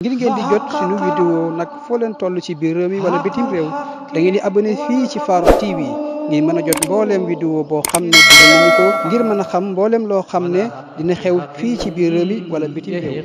ngir ngeen di jot suñu vidéo nag foo leen toll ci biir réew mi wala bitim réew da ngeen di abonné fii ci Farokh TV ngir mën a jot mbooleem vidéo boo xam ne dinañu ko ngir mën a xam mbooleem loo xam ne dina xew fii ci biir réew mi wala bitim réew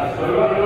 That's the right.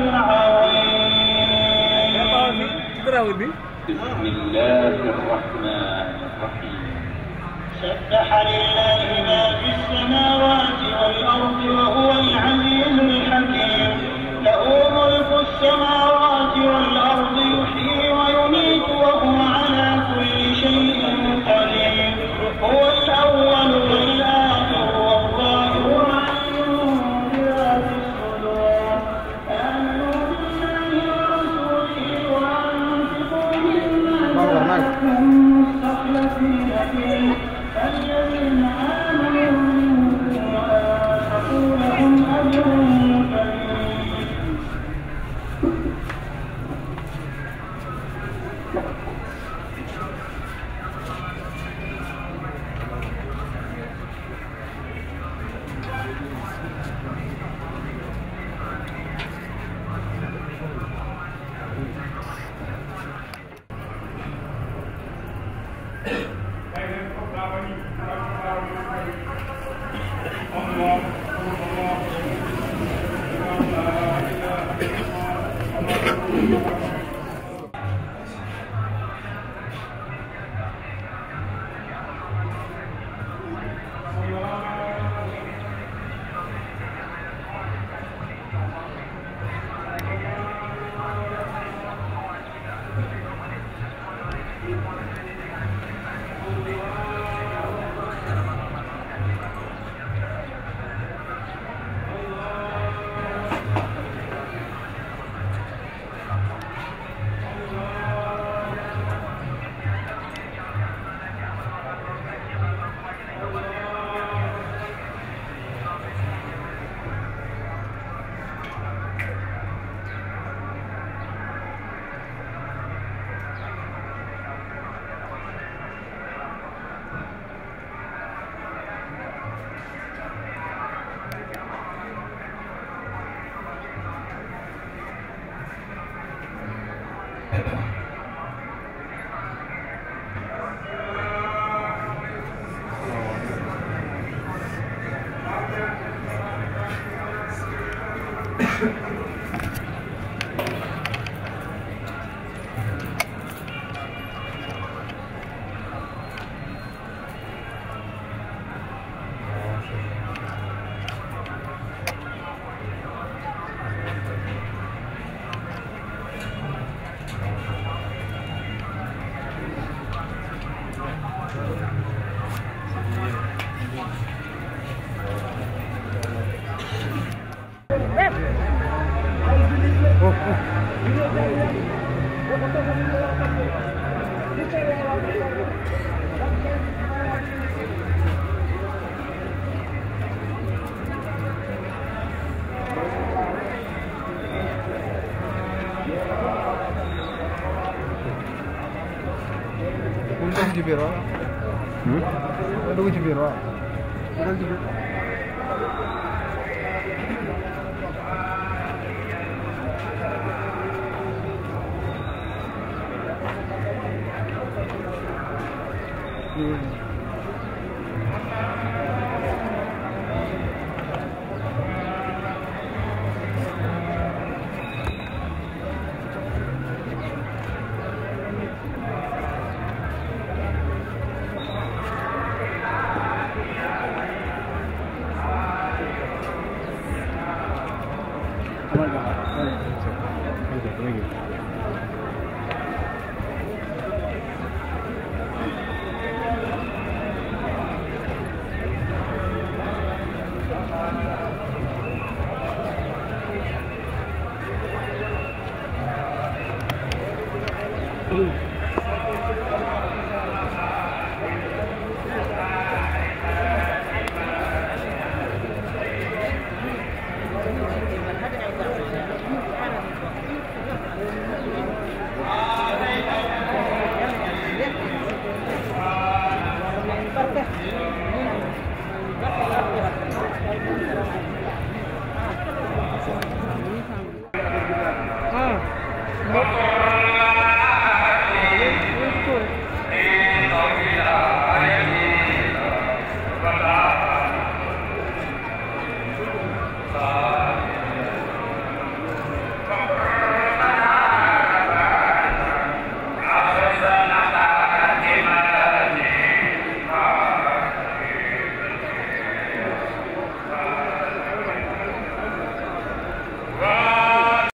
عظيم بسم الله الرحمن الرحيم سبح لله ما في السماوات والأرض وهو 집에 가? 응? 누구 집에 가? 그런 집에 음. Thank you. Ooh.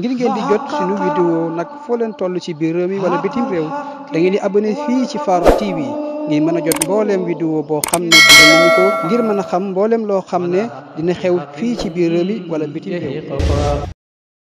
ngir ngeen di jot suñu vidéo nag foo leen toll ci biir réew mi wala bitim réew da ngeen di abonné fii ci Farokh TV ngir mën a jot mbooleem vidéo boo xam ne dinañu ko ngir mën a xam mbooleem loo xam ne dina xew fii ci biir réew mi wala bitim réew